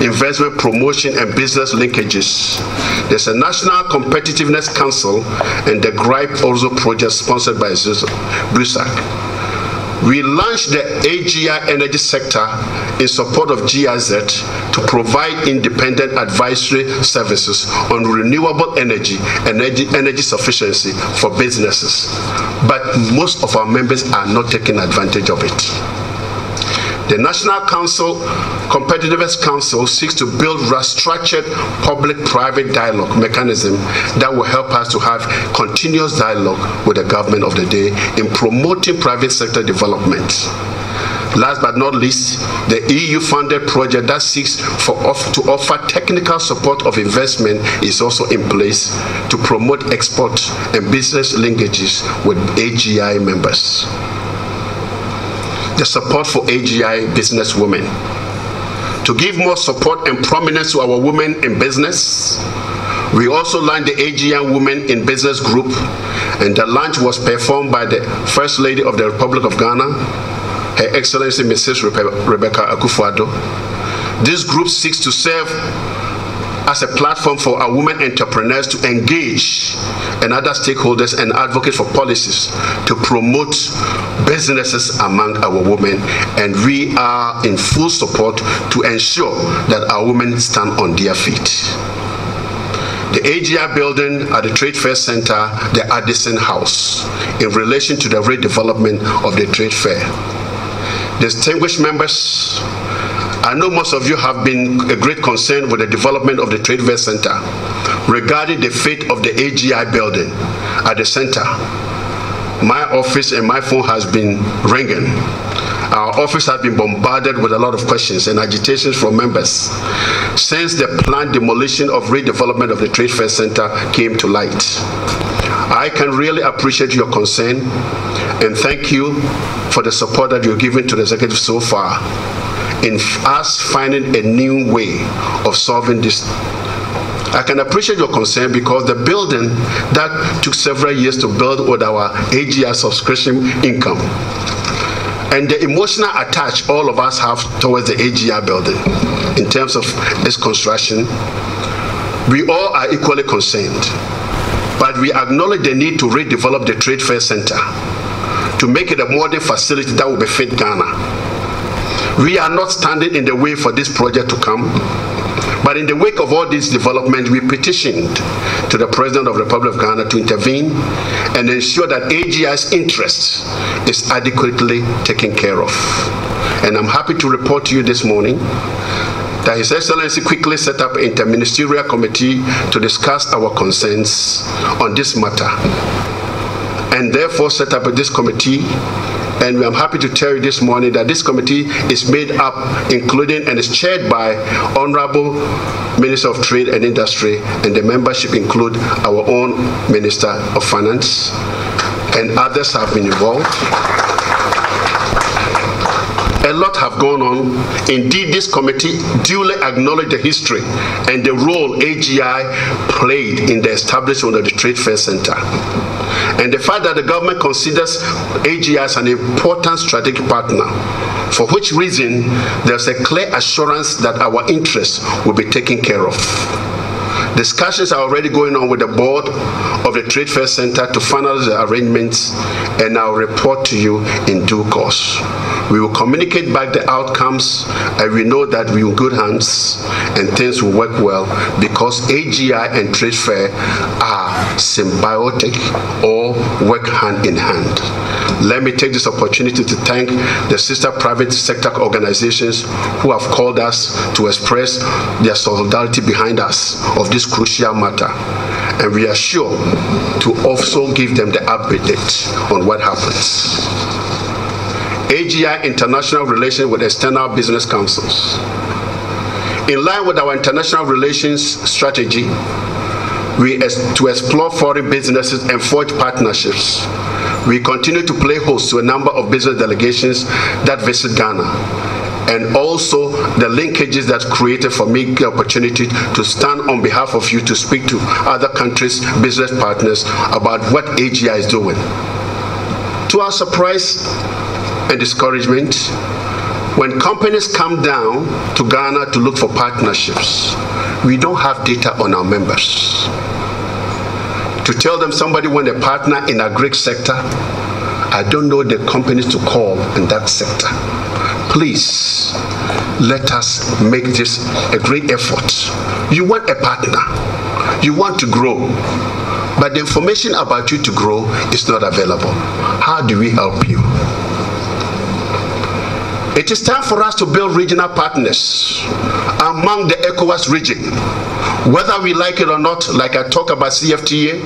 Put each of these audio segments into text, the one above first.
investment promotion and business linkages. There's a National Competitiveness Council and the GRIPE also project sponsored by BRISAC. We launched the AGI energy sector in support of GIZ to provide independent advisory services on renewable energy and energy, energy sufficiency for businesses. But most of our members are not taking advantage of it. The National Council Competitiveness Council seeks to build a structured public-private dialogue mechanism that will help us to have continuous dialogue with the government of the day in promoting private sector development. Last but not least, the EU-funded project that seeks off to offer technical support of investment is also in place to promote export and business linkages with AGI members the support for AGI businesswomen, to give more support and prominence to our women in business. We also launched the AGI Women in Business Group, and the launch was performed by the First Lady of the Republic of Ghana, Her Excellency Mrs. Rebecca Akufuado. This group seeks to serve as a platform for our women entrepreneurs to engage and other stakeholders and advocate for policies to promote businesses among our women. And we are in full support to ensure that our women stand on their feet the AGI building at the Trade Fair Center, the Addison House, in relation to the redevelopment of the Trade Fair. Distinguished members, I know most of you have been a great concern with the development of the Trade Fair Center regarding the fate of the AGI building at the center. My office and my phone has been ringing. Our office has been bombarded with a lot of questions and agitations from members since the planned demolition of redevelopment of the Trade Fair Center came to light. I can really appreciate your concern and thank you for the support that you're giving to the executive so far in us finding a new way of solving this I can appreciate your concern because the building that took several years to build with our AGR subscription income and the emotional attach all of us have towards the AGR building in terms of its construction, we all are equally concerned. But we acknowledge the need to redevelop the Trade Fair Center to make it a modern facility that will befit Ghana we are not standing in the way for this project to come. But in the wake of all these developments, we petitioned to the President of the Republic of Ghana to intervene and ensure that AGI's interest is adequately taken care of. And I'm happy to report to you this morning that His Excellency quickly set up an interministerial committee to discuss our concerns on this matter and therefore set up this committee and I'm happy to tell you this morning that this committee is made up, including and is chaired by Honorable Minister of Trade and Industry, and the membership include our own Minister of Finance, and others have been involved. A lot have gone on. Indeed, this committee duly acknowledged the history and the role AGI played in the establishment of the Trade Fair Center and the fact that the government considers AGS as an important strategic partner, for which reason there's a clear assurance that our interests will be taken care of. Discussions are already going on with the board of the Trade Fair Center to finalize the arrangements and I'll report to you in due course. We will communicate back the outcomes and we know that we're in good hands and things will work well because AGI and trade fair are symbiotic or work hand in hand. Let me take this opportunity to thank the sister private sector organizations who have called us to express their solidarity behind us of this crucial matter. And we are sure to also give them the update on what happens. AGI international relations with external business councils. In line with our international relations strategy, we to explore foreign businesses and forge partnerships. We continue to play host to a number of business delegations that visit Ghana and also the linkages that created for me the opportunity to stand on behalf of you to speak to other countries' business partners about what AGI is doing. To our surprise, and discouragement when companies come down to Ghana to look for partnerships, we don't have data on our members. To tell them somebody when a partner in a great sector, I don't know the companies to call in that sector. Please, let us make this a great effort. You want a partner. You want to grow. But the information about you to grow is not available. How do we help you? It is time for us to build regional partners among the ECOWAS region. Whether we like it or not, like I talk about CFTA,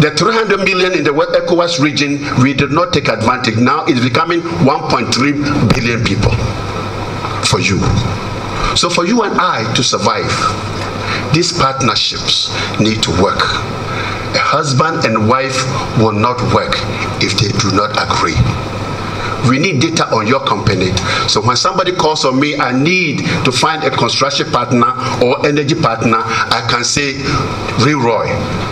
the 300 million in the ECOWAS region, we did not take advantage. Now it's becoming 1.3 billion people for you. So for you and I to survive, these partnerships need to work. A husband and wife will not work if they do not agree. We need data on your company. So when somebody calls on me, I need to find a construction partner or energy partner. I can say, Leroy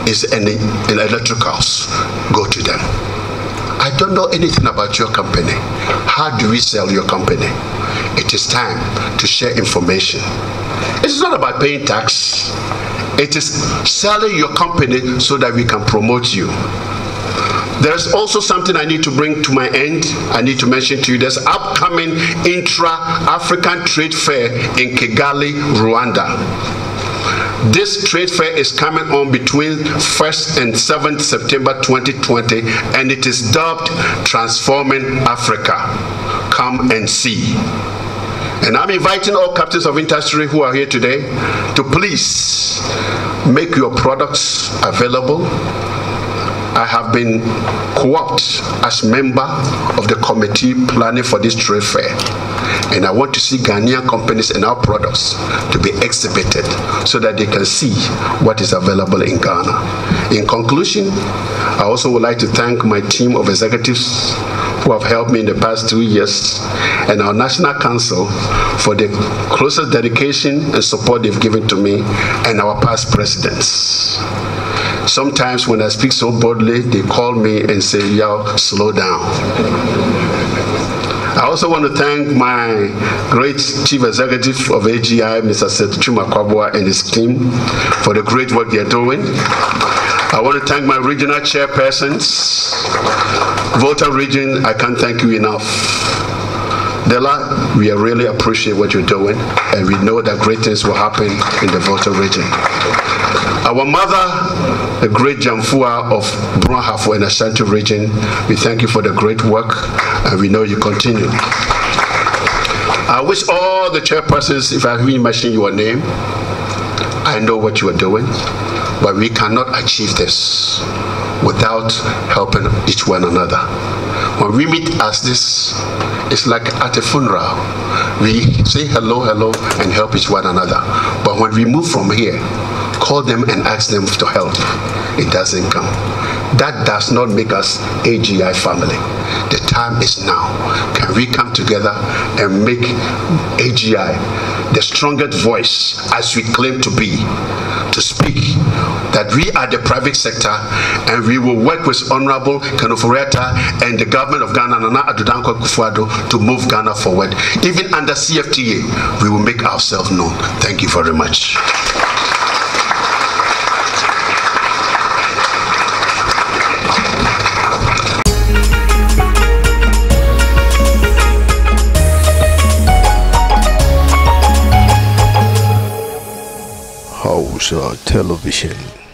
is an, an electricals. Go to them. I don't know anything about your company. How do we sell your company? It is time to share information. It's not about paying tax. It is selling your company so that we can promote you. There's also something I need to bring to my end. I need to mention to you there's upcoming intra-African trade fair in Kigali, Rwanda. This trade fair is coming on between 1st and 7th September 2020 and it is dubbed Transforming Africa. Come and see. And I'm inviting all captains of industry who are here today to please make your products available I have been co-opted as member of the committee planning for this trade fair. And I want to see Ghanaian companies and our products to be exhibited so that they can see what is available in Ghana. In conclusion, I also would like to thank my team of executives who have helped me in the past two years and our National Council for the closest dedication and support they've given to me and our past presidents. Sometimes when I speak so boldly, they call me and say, yo, slow down. I also want to thank my great chief executive of AGI, Mr. Setchuma Kwabwa and his team for the great work they're doing. I want to thank my regional chairpersons. Volta region, I can't thank you enough. Adela, we really appreciate what you're doing, and we know that great things will happen in the Volta region. Our mother, the great Jamfua of in and Central region, we thank you for the great work, and we know you continue. I wish all the chairpersons, if I have haven't mentioned your name, I know what you are doing, but we cannot achieve this without helping each one another. When we meet as this, it's like at a funeral. We say hello, hello, and help each one another. But when we move from here, call them and ask them to help. It doesn't come. That does not make us AGI family. The time is now. Can we come together and make AGI the strongest voice as we claim to be? that we are the private sector and we will work with Honorable Kenoforeta and the government of Ghana, Nana Adudankwa Kufuado, to move Ghana forward. Even under CFTA, we will make ourselves known. Thank you very much. television